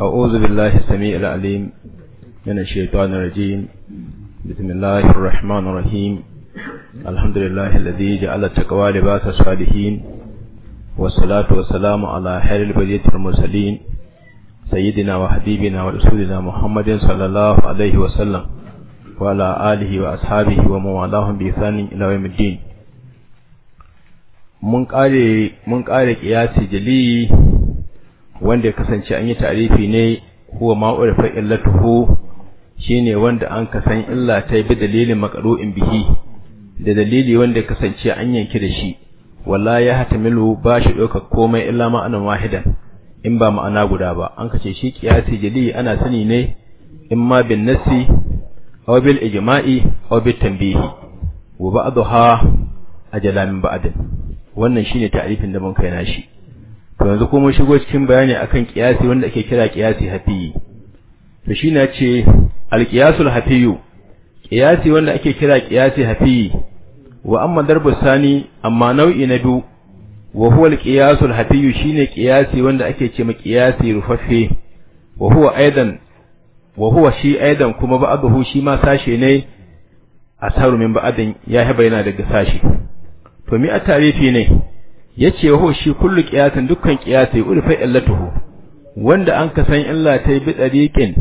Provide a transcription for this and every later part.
أعوذ بالله السميع العليم من الشيطان الرجيم بسم الله الرحمن الرحيم الحمد لله الذي جعل التقوى لباس الصالحين والصلاة والسلام على خير البرية المرسلين سيدنا وحبيبنا ورسولنا محمد صلى الله عليه وسلم وعلى آله وأصحابه وموالاهم بإحسان إلى يوم الدين mun ƙare mun ƙare ƙiyasi jali wanda ya kasance an yi ta'rifi ne huwa ma'urfa illatuhu shine wanda an kasan illa ta bi dalilin maqru'in bihi da dalili wanda ya kasance an yanki da shi walla ya hatamilu ba shi ɗaukar komai illa ma'anan wahidan in ba ma'ana guda ba an kace shi qiyasi jali ana sani ne in ma bin nassi aw bil ijma'i aw bit tanbihi wa ba'daha ajala min wannan shine ta'rifin da mun kai na shi to yanzu kuma shigo cikin bayani akan qiyasi wanda ake kira qiyasi hafiyi to shi na ce alqiyasul hafiyu qiyasi wanda ake kira qiyasi hafiyi wa amma darbu sani amma nau'i na biyu wa huwa alqiyasul hafiyu shine qiyasi wanda ake ce ma rufaffe wa huwa aidan wa huwa shi aidan kuma ba'dahu shi ma sashe ne asaru min ba'din ya haba yana daga sashi to mi a tarifi ne yace ho shi kullu qiyasin dukkan qiyatai urfa illatuhu wanda an ka san illa ta bi dariqin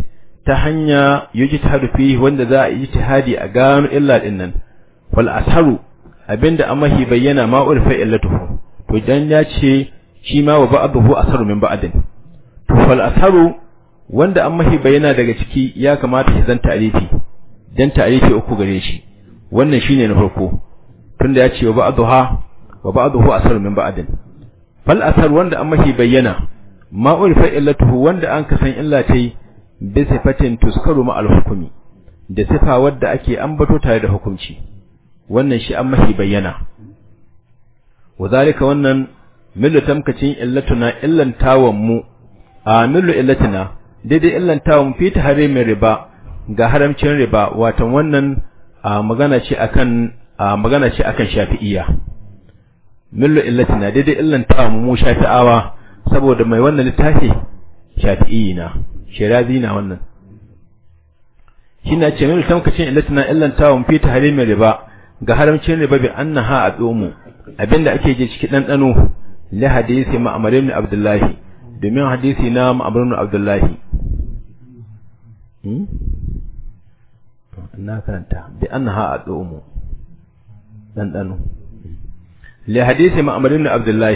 ta hanya yujtihadu tarfi wanda za a yi ijtihadi a gano illa dinnan nan wal asharu abinda amahi bayyana ma urfa illatuhu to dan ya ce shi ma wa ba'dahu asharu min ba'din to wal asharu wanda amahi bayyana daga ciki ya kamata shi zan ta'rifi dan ta'rifi uku gare shi wannan shine na farko tunda ya ce wa ba'dahu wa ba'dahu asar min ba'din fal asar wanda an mahi bayyana ma fa illatuhu wanda an kasan illa tai bi sifatin tuskaru ma al hukumi da sifa wadda ake ambato tare da hukunci wannan shi an mahi bayyana wa zalika wannan millu tamkacin illatuna illan tawan mu a millu illatina daidai illan tawan fi mai riba ga haramcin riba watan wannan magana ce akan magana ce akan shafi'iyya millu na daidai illan ta mu shafi'awa saboda mai wannan littafi shafi'i na shirazi na wannan kina ce millu tamkacin na illan ta mu fi tahrimin riba ga haramcin riba bi annaha a tsomu abinda ake je ciki dandano la hadisi ma'mar ibn abdullahi domin hadisi na ma'mar ibn abdullahi hmm? na karanta bi annaha a tsomu dandano li hadisi ma'mar ibn abdullah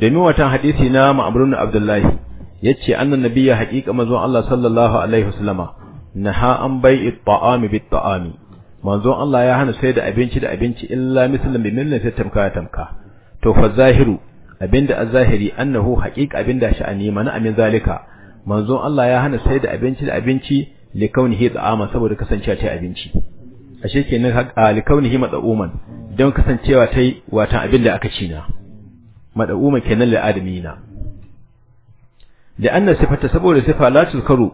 domin watan hadisi na ma'mar ibn abdullah yace annan nabiyya haqiqa manzon Allah sallallahu alaihi wasallama naha an bai'i ta'ami bit ta'ami manzon Allah ya hana sai da abinci da abinci illa muslim bi millin sai tamka tamka to fa zahiru abinda azahiri annahu haqiqa abinda sha'ani mana amin zalika manzo Allah ya hana sai da abinci da abinci li kaunihi ta'ama saboda kasancewa ta abinci ashe kenan alikaunihi madauman don kasancewa tai watan abin da aka ci na madauma kenan lil adamina da anna sifata saboda sifa la tuzkaru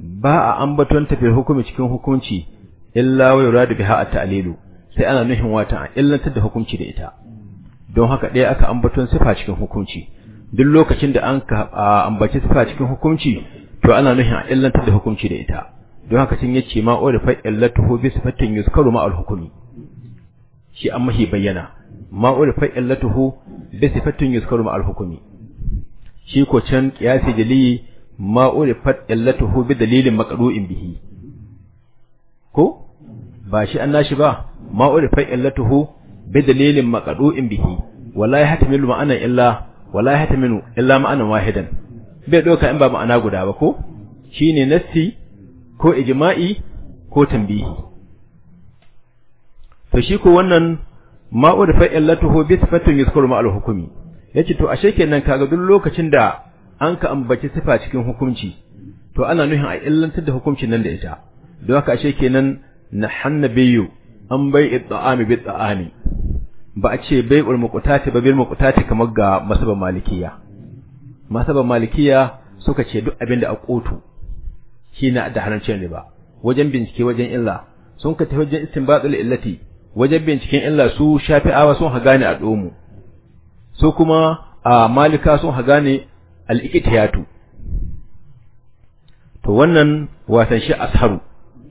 ba a ambaton ta fi hukumi cikin hukunci illa wa yuradu biha at-ta'lilu sai ana nuhin wata illantar da hukunci da ita don haka ɗaya aka ambaton sifa cikin hukunci duk lokacin da an ambaci sifa cikin hukunci to ana nuhin illantar da hukunci da ita don haka sun yace ma urifa illatuhu bi sifatin yuskaru ma al-hukmi shi an mahi bayyana ma urifa illatuhu bi sifatin yuskaru ma al-hukmi shi ko can qiyasi jali ma urifa illatuhu bi dalilin maqru'in bihi ko ba shi an nashi ba ma urifa illatuhu bi dalilin maqru'in bihi hata yahtamilu ma'ana illa hata yahtamilu illa ma'ana wahidan bai doka in ba ma'ana guda ba ko shine nassi ko ijma'i ko tambihi to shi ko wannan ma'u da fa'ilatuhu bi sifatin yuzkuru ma'al hukumi yace to ashe kenan kaga duk lokacin da an ka ambaci sifa cikin hukunci to ana nuhin a illantar da hukuncin nan da ita don haka ashe kenan na hannabiyu an bai idda'ami bi idda'ami ba a ce bai ul muqtati ba bil muqtati kamar ga masaba malikiya masaba malikiya suka ce duk abin da a kotu na da ne ba wajen bincike wajen illa sun ka tafi wajen istinbatul illati wajen binciken illa su shafi'awa sun ha gane a domu su kuma a malika sun ha gane al to wannan watan shi asharu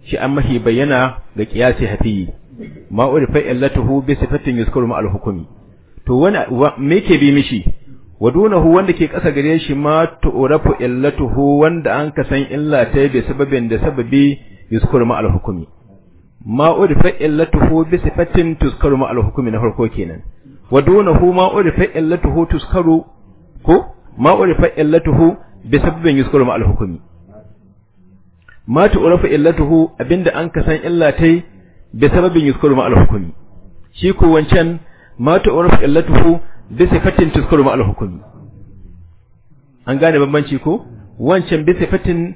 shi an mahi bayyana ga qiyasi hafiyi ma'urifai illatuhu bi sifatin yuzkuru ma al to wani me ke bi mishi wa dunahu wanda ke ƙasa gare shi ma tu'rafu illatuhu wanda an ka san illa ta bi sababin da sababi yuzkur ma al-hukmi ma udfa illatuhu bi sifatin tuzkar ma al-hukmi na farko kenan wa dunahu ma udfa illatuhu tuzkaru ko ma udfa illatuhu bi sababin yuzkur ma al-hukmi ma tu'rafu illatuhu abinda an ka san illa ta bi sababin yuzkur ma al-hukmi shi ko wancan ma tu'rafu illatuhu bisa fatin tuskuru ma alhukumi, an gane bambanci ko wancan fatin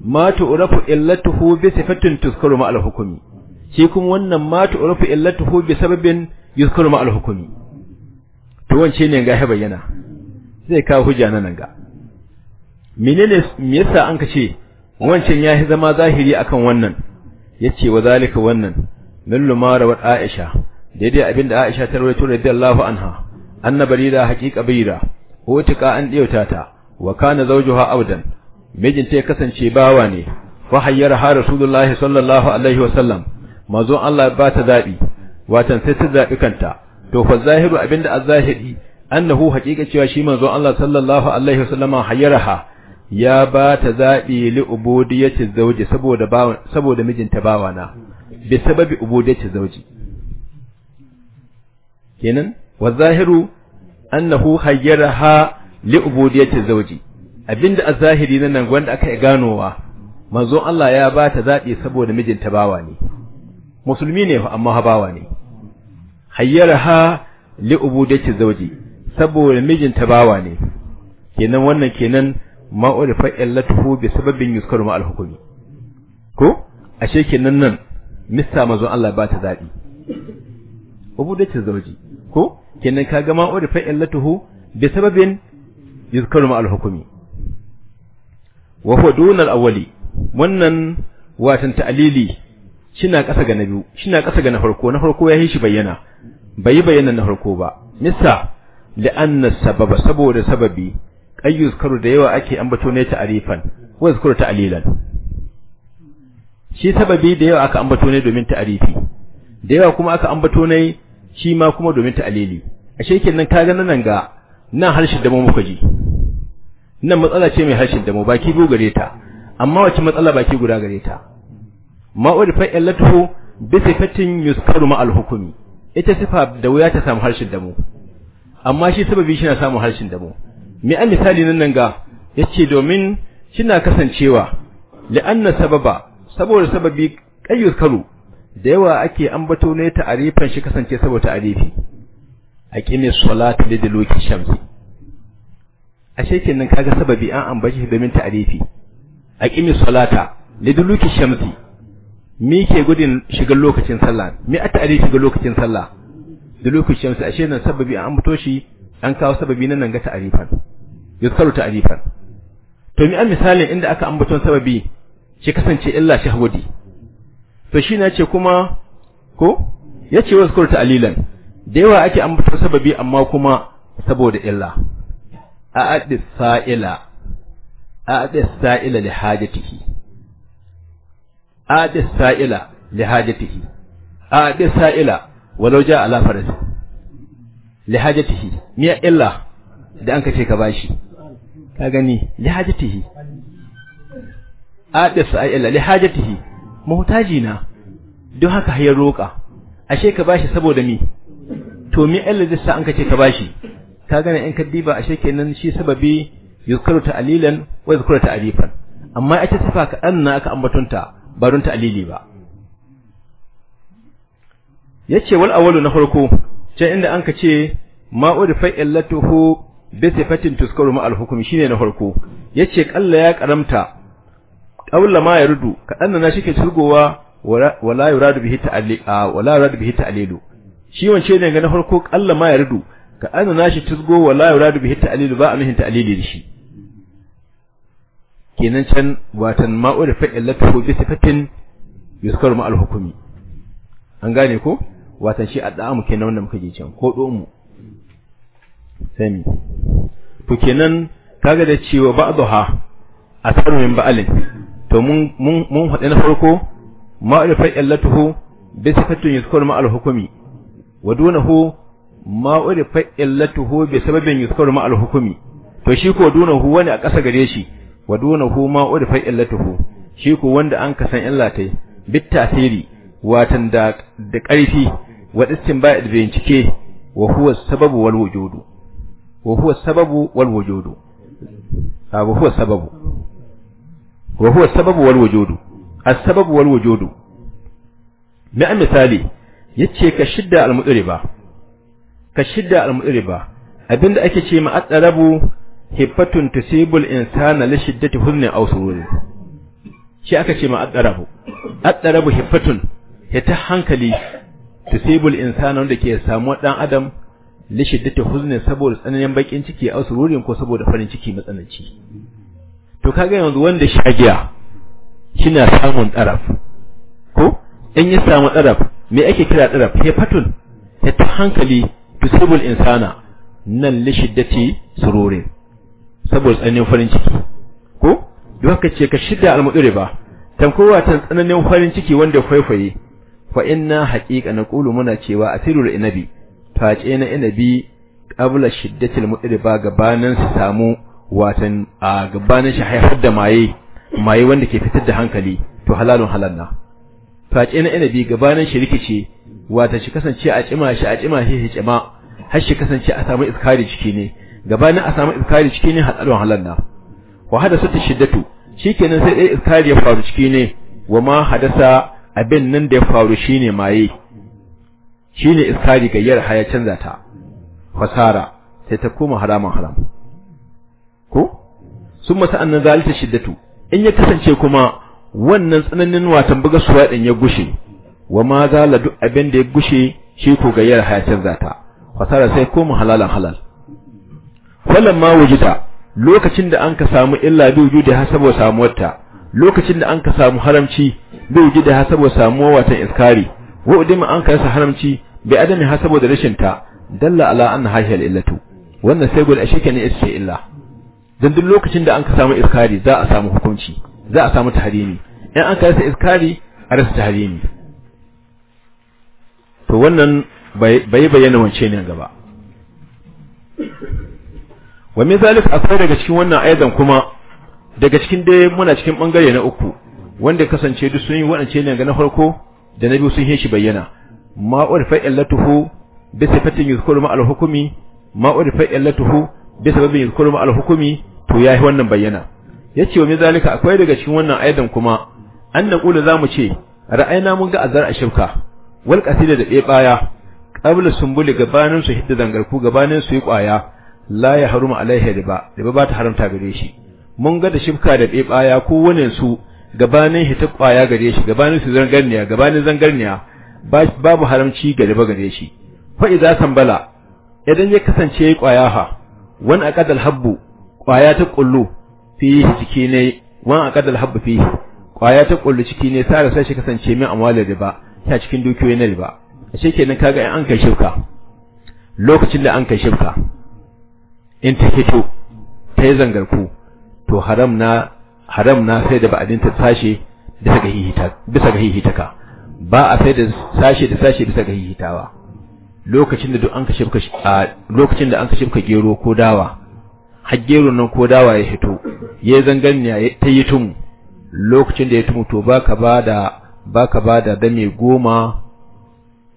matu ma tu'rafu illatuhu bi sifatin tuskuru ma alhukumi, shi kuma wannan ma tu'rafu illatuhu bi sababin yuskuru ma alhukumi. to wance ne ga ya bayyana zai kawo hujja nan ga menene me yasa an ka ce wancan ya yi zama zahiri akan wannan yace wa zalika wannan min ma wa aisha daidai abinda aisha ta rawaito radiyallahu anha anna barira haqiqa barira utika an diyauta ta wa kana zawjuha audan mijinta ya kasance bawa ne fa hayyara ha rasulullahi sallallahu alaihi wa sallam manzon Allah ba ta zabi watan sai ta zabi kanta to fa zahiru abinda az-zahiri annahu haqiqa cewa shi manzon Allah sallallahu alaihi wa sallama hayyaraha ya ba ta zabi li ubudiyyati zawji saboda bawa saboda mijinta bawana bi sababi ubudiyyati zawji kenan wa zahiru annahu hayyaraha li ubudiyati zawji abinda a zahiri na nan wanda aka ganowa manzon Allah ya ba ta zaɓi saboda mijinta bawa ne musulmi ne amma bawa ne hayyaraha li ubudiyati zawji saboda mijinta bawa ne kenan wannan kenan ma'urifa illatuhu bi sababin yuskaru ma'al hukumi ko ashe kenan nan mista manzon Allah ba ta zaɓi ubudiyati zawji ko kenan kaga ma urifa illatuhu bi sababin yuzkaru ma al hukumi wa huwa dun al-awwali wannan watan ta'lili shina kasa ga nabi biyu shina kasa ga na farko na farko ya yi shi bayyana bai bayyana na farko ba nisa anna sababa saboda sababi ayyuz karu da yawa ake ambato ne ta'rifan wa zikru ta'lilan shi sababi da yawa aka ambato ne domin ta'rifi da yawa kuma aka ambato ne shi ma kuma domin ta'alili ashe kenan kaga nan ga nan harshen da mu muka ji nan matsala ce mai harshen da mu baki biyu gare ta amma wace matsala baki guda gare ta rifa fa'ilatuhu bi sifatin yuskaru ma alhukumi ita sifa da wuya ta samu harshen da mu amma shi sababi shi na samu harshen da mu me an misali nan nan ga yace domin shi na kasancewa la'anna sababa saboda sababi kayyuskaru da yawa ake ambato ne ta'arifan shi kasance saboda ta'arifi aqimi salati liduluki shamsi ashe kenan kaga sababi an ambaci shi domin a aqimi salata liduluki shamsi mi ke gudun shigar lokacin sallah mi a ta'arifi ga lokacin sallah da lokacin shamsi ashe nan sababi an ambato shi an kawo sababi nan ga ta'arifan yuzkaru ta'arifan to mi an misalin inda aka ambaton sababi shi kasance illa shahwadi to shi na ce kuma ko ya ce wasu kurta alilan da yawa ake an ambatar sababi amma kuma saboda illa a adi sa'ila a adi sa'ila li hajatihi a adi sa'ila li hajatihi a adi sa'ila walau ja ala farasi li hajatihi miya illa da an kace ka bashi ka gani li hajatihi a adi sa'ila li hajatihi mahutaji na don haka hayar roƙa ashe ka bashi saboda mi to mi Allah zai sa an kace ka bashi ka gane in ka diba ashe kenan shi sababi yuzkaru ta'lilan wa yuzkaru ta'rifan amma ita sifa ka anna aka ambatunta ba don ta'lili ba yace wal awwalu na farko can inda an kace ma'urifa illatuhu bi sifatin tuzkaru ma al hukmi shine na farko yace kalla ya karamta qawla ma yarudu kadan na ke turgowa wala yuradu bihi ta'alli wala yuradu bihi ta'lilu shi wance ne ga na farko Allah ma yarudu kadan na shi turgo wala yuradu bihi ta'lilu ba amihin ta'lili shi kenan can watan ma'u da fa'ilatu ko bi sifatin yuskaru ma al hukumi an gane ko watan shi mu kenan wanda muka je can ko mu. sami to kenan kaga da cewa ba'daha asaru min ba'alin to mun mun mun faɗi na farko ma'rifa illatuhu bi sifatin ma ma'al hukumi wa dunahu ma'rifa illatuhu bi sababin ma ma'al hukumi to shi ko dunahu wani a ƙasa gare shi wa dunahu ma'rifa illatuhu shi ko wanda an kasan illa tai bit tasiri watan da da ƙarfi wa ba da bincike wa huwa sababu wal wujudu wa huwa sababu wal wujudu abu huwa sababu wa huwa sababu wal wujudu as-sababu wal wujudu mai misali yace ka shidda al-mudriba ka shidda al-mudriba abinda ake ce ma at-tarabu hibbatun tusibul insana li shiddati huznin aw sururi shi aka ce ma at-tarabu at-tarabu hibbatun ta hankali tusibul insana wanda ke samu dan adam li shiddati huznin saboda tsananin bakin ciki aw sururin ko saboda farin ciki matsananci to kaga yanzu wanda sha shi shina samun ɗaraf ko in ya samu tsaraf me ake kira ɗaraf hefatun ta hankali tusibul insana nan li shiddati sururi saboda tsananin farin ciki ko duk haka ce ka shidda almudure ba tankowa ta tsananin farin ciki wanda faifaye fa inna na naqulu muna cewa asirul inabi ce na inabi qabla shiddatil ga gabanin su samu watan a gabanin shi haifar da maye maye wanda ke fitar da hankali to halalun halal na face ina inabi gabanin shi rikice wata shi kasance a cima shi a cima shi cima har shi kasance a samu iskari ciki ne gabanin a samu iskari ciki ne halalun halal na wa hadasa ta shiddatu shikenan sai dai iskari ya faru ciki ne wa ma hadasa abin nan da ya faru shine maye shine iskari gayyar haya canza ta fasara sai ta koma haraman haram ko sun masa annan zalita shiddatu in ya kasance kuma wannan tsananin watan buga suwa din ya gushe wa ma zala duk abin da ya gushe shi ko gayyar hayatar zata fasara sai mu halalan halal falan ma wujita lokacin da anka samu illa bi wujudi ha sabo samuwarta lokacin da anka samu haramci bi wujudi ha sabo samuwa watan iskari wa an anka yasa haramci bi adami ha sabo da rashin ta dalla ala anna hayya illatu wannan sai gol ashe kenan illa dan duk lokacin da an ka samu iskari za a samu hukunci za a samu tahrimi in an ka rasa iskari a rasa tahrimi to wannan bai bayyana wance ne gaba wa min zalik akwai daga cikin wannan ayatan kuma daga cikin dai muna cikin bangare na uku wanda kasance duk sun yi waɗance ne ga na farko da na biyu sun yi shi bayyana ma urfa illatuhu bi sifatin yuzkuru ma al hukumi ma urfa illatuhu bi sababin yadkurum al hukumi to yayi wannan bayyana yace wa zalika akwai daga cikin wannan aidan kuma an da zamu ce ra'ayina mun ga azar ashirka wal qasida da baya qabla sumbuli gabanin su hidda zangarku gabanin su yi kwaya la ya haruma alaihi riba riba ba ta haramta gare shi mun ga da shibka da baya ko wannan su gabanin hita kwaya gare shi gabanin su zangarniya gabanin zangarniya babu haramci ga riba gare shi fa idza sambala idan ya kasance yi kwaya ha wan aqadal habbu kwaya ta kullu fi ciki ne wan aqadal habbu fi kwaya ta kullu ciki ne sai sai shi kasance min amwali riba ta cikin dukiyoyi na riba ashe kenan kaga in an kai shirka lokacin da an kai shirka in ta fito ta yi zangarku to haram na haram na sai da ba'adin ta sashe bisa ga hihita bisa ga hihitaka ba a sai da sashe da sashe bisa ga hihitawa lokacin da duk an kashe ka lokacin da an kashe ka gero ko dawa har gero nan ko dawa ya hito ya zanganiya ya ta yi tumu lokacin da ya tumu to ba ka bada ba da dame goma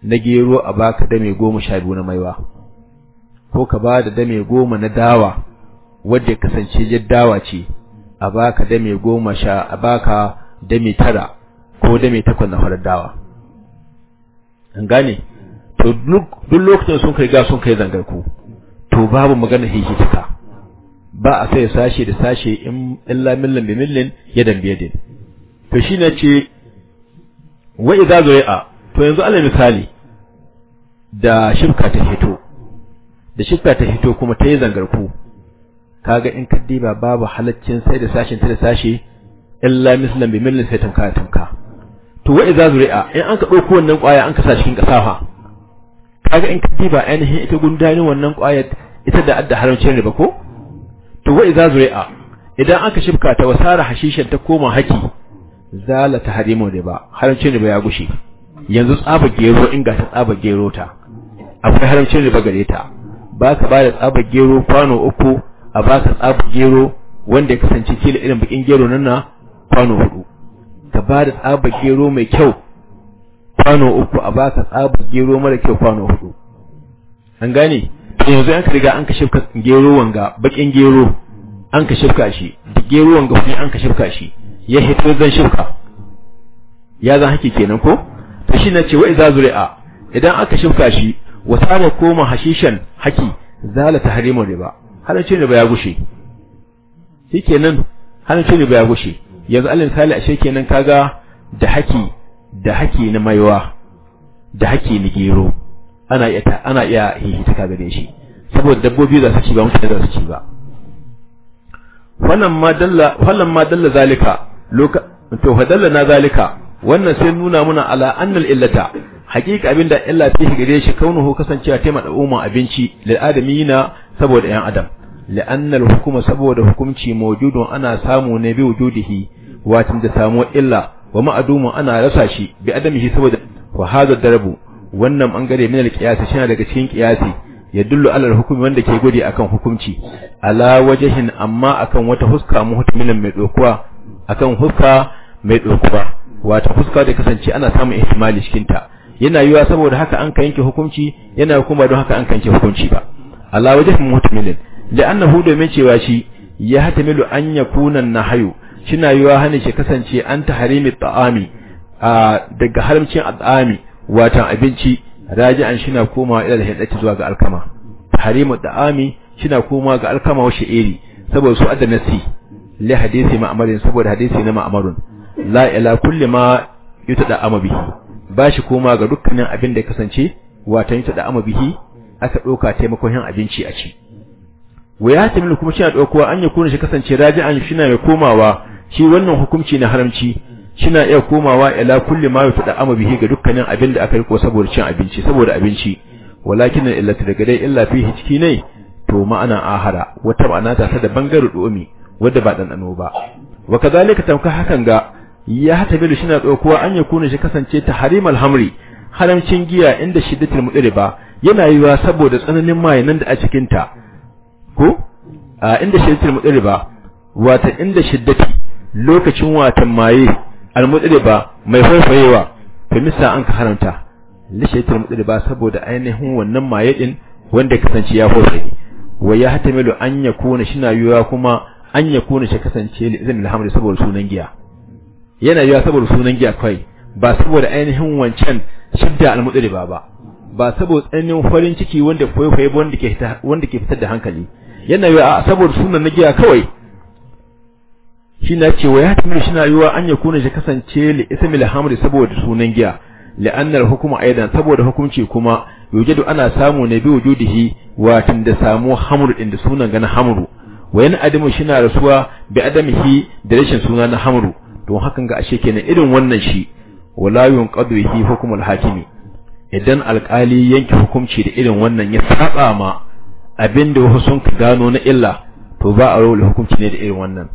na gero a baka dame goma sha biyu na maiwa ko ka ba da dame goma na dawa wadda ya kasance jar dawa ce a baka dame goma sha a baka dame tara ko dame takwas na farar dawa an gane to duk lokacin sun kai ga sun kai zangarku to babu magana hikitika ba a sai sashe da sashe in illa millan bi millan yadan bi yadin to shi ce wa idza zuya to yanzu alal misali da shifka ta hito da shifka ta hito kuma ta yi zangarku kaga in ka diba babu halaccin sai da sashen ta da sashe illa mislan bi millan sai tanka tanka to wa idza zuya in an ka dauko wannan kwaya an ka sa cikin kasafa kaga in ka ba ainihin ita gundarin wannan ƙwayar ita da adda haramcin riba ko to wa idza zuri'a idan aka shibka ta wasara hashishan ta koma haki zala ta da ba haramcin riba ya gushe yanzu tsaba gero in ga ta tsaba gero ta akwai haramcin riba gare ta ba ka ba da tsaba gero kwano uku a baka tsaba gero wanda ya kasance kila irin bakin gero nan na kwano hudu ka ba da tsaba gero mai kyau kwano uku a baka tsabar gero mara kyau kwano hudu an gane yanzu an ka riga an ka shifka gero wanga bakin gero an ka shifka shi gero wanga kuma an ka shifka shi ya hito zan shifka ya zan haki kenan ko to shi na ce wa idza zuri'a idan aka shifka shi wa saba koma hashishan haki zala tahrimu riba halaccin riba ya gushe shikenan halaccin riba ya gushe yanzu alin sali ashe kenan kaga da haki da haki na maiwa da haki na gero ana iya ana iya hihitaka gare shi saboda dabbobi za su ci ba mutane za su ci ba wannan ma dalla wannan ma dalla zalika loka to na zalika wannan sai nuna muna ala annal illata haqiqa abinda illa ta gare shi ho kasancewa taimaka da umma abinci lil adamina saboda yan adam la'annal hukuma saboda hukumci mawjudun ana samu ne bi wujudihi watin da samu illa wa ma'adumu ana rasa shi bi adamihi saboda wa hada darabu wannan bangare min al-qiyas shi daga cikin qiyasi yadullu ala al-hukmi wanda ke gode akan hukunci ala wajhin amma akan wata huska muhtamilan mai dokuwa akan huska mai dokuwa wata huska da kasance ana samun ihtimali cikin ta yana yiwa saboda haka an ka yanke hukunci yana kuma don haka an ka yanke hukunci ba ala wajhin muhtamilan annahu domin cewa shi ya hatamilu an yakuna nahayu shina yiwa hana shi kasance an taharimi ta'ami daga haramcin al'ami watan abinci raji'an shina komawa ila hidati zuwa ga alkama taharimu ta'ami shina komawa ga alkama wa sha'iri saboda su adda nasi li hadisi ma'amarin saboda hadisi na ma'amarun la ila kulli ma yutada amabi ba shi koma ga dukkanin abin da ya kasance watan yutada bihi aka ɗauka taimakon yin abinci a ci wa ya kuma shi a ɗaukowa an ya kuna shi kasance raji'an shina mai komawa shi wannan hukunci na haramci shina iya komawa ila kulli ma yutada amu bihi ga dukkanin abin da aka yi ko saboda cin abinci saboda abinci walakin illati daga dai illa fihi ciki ne to ma'ana ahara wata ma'ana ta ta da bangare domi wadda ba dan ba wa kadalika tauka hakan ga ya hatabilu shina dokuwa an ya kuna shi kasance ta harimal hamri haramcin giya inda shiddatul mudriba yana yiwa saboda tsananin nan da a cikin ta ko a inda shiddatul mudriba wata inda shiddati lokacin watan maye almutsiri ba mai faifayewa to misa an ka haramta lishayatul almutsiri ba saboda ainihin wannan maye din wanda kasance ya faifaye wa ya hatamilu an shi na yiwuwa kuma an kone shi kasance zan izinin alhamdu saboda sunan giya yana yiwuwa saboda sunan giya kai ba saboda ainihin wancan shidda almutsiri ba ba ba saboda tsananin farin ciki wanda faifaye wanda ke wanda ke fitar da hankali yana yiwuwa saboda sunan na giya kawai shi na ce wa ya tamiru shi na yiwa an ya kuna shi kasance li ismil hamri saboda sunan giya la'anar hukuma aidan saboda hukunci kuma yujadu ana samu ne bi wujudihi watin da samu hamru din da sunan gana hamru wa yana adamu shi rasuwa bi adamihi da rashin suna na hamru don hakan ga ashe kenan irin wannan shi wala yunqadu bihi hukmul hakimi idan alkali yanke hukunci da irin wannan ya saba ma abinda wasu sun gano na illa to ba a rawar hukunci ne da irin wannan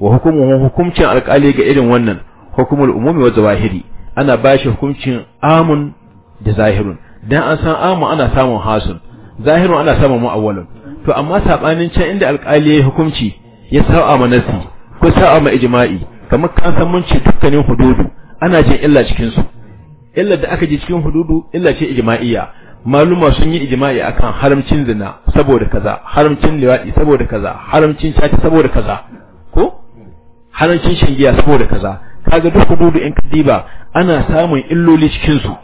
wa hukumu hukumcin alƙali ga irin wannan hukumul umumi wa zawahiri ana bashi hukumcin amun da zahirun dan an san amun ana samun hasun zahirun ana samun mu'awwalun to amma sabanin can inda alƙali ya hukunci ya sa'a ma nasi ko sa'a ma ijma'i kamar kan san mun ce dukkanin hududu ana jin illa cikin su illa da aka ji cikin hududu illa ce ijma'iyya maluma sun yi ijma'i akan haramcin zina saboda kaza haramcin liwadi saboda kaza haramcin caci saboda kaza harancin shan giya saboda kaza kaga duk hududu in kadiba ana samun illoli cikin su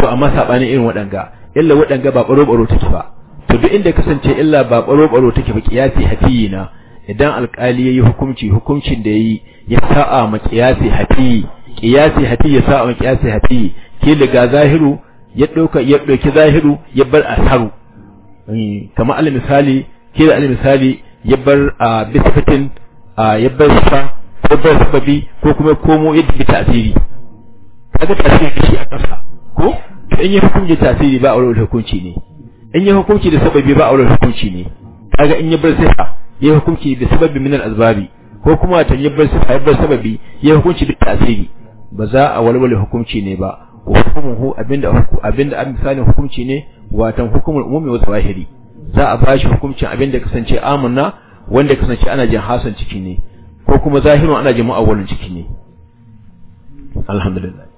to amma sabanin irin waɗanga illa waɗanga ba baro baro take ba to duk inda kasance illa ba baro baro take ba kiyasi hafiyina idan alkali yayi hukunci hukuncin da yayi ya sa'a ma kiyasi hafiyi kiyasi hafi ya sa'a ma kiyasi hafiyi ke daga zahiru ya dauka ya dauki zahiru ya bar asaru kamar al misali ke da al misali ya bar a ah, bisfatin ah, ya bar sifa ko sababi ko kuma komo yadda bi tasiri kaga tasiri shi a kansa ko in yi hukunci tasiri ba aure hukunci ne in yi hukunci da sababi ba aure hukunci ne kaga in yi bar sifa yi hukunci da sababi minan azbabi ko kuma ta yi bar sifa ya bar sababi yi hukunci da tasiri ba za a walwale hukunci ne ba hukumuhu abinda abinda an misali hukunci ne watan hukumul umumi wa zahiri za a bashi hukuncin abinda kasance amanna wanda kasance ana jin hasan ciki ne ko kuma zahirun ana jin mu'awwalul jiki ne alhamdulillah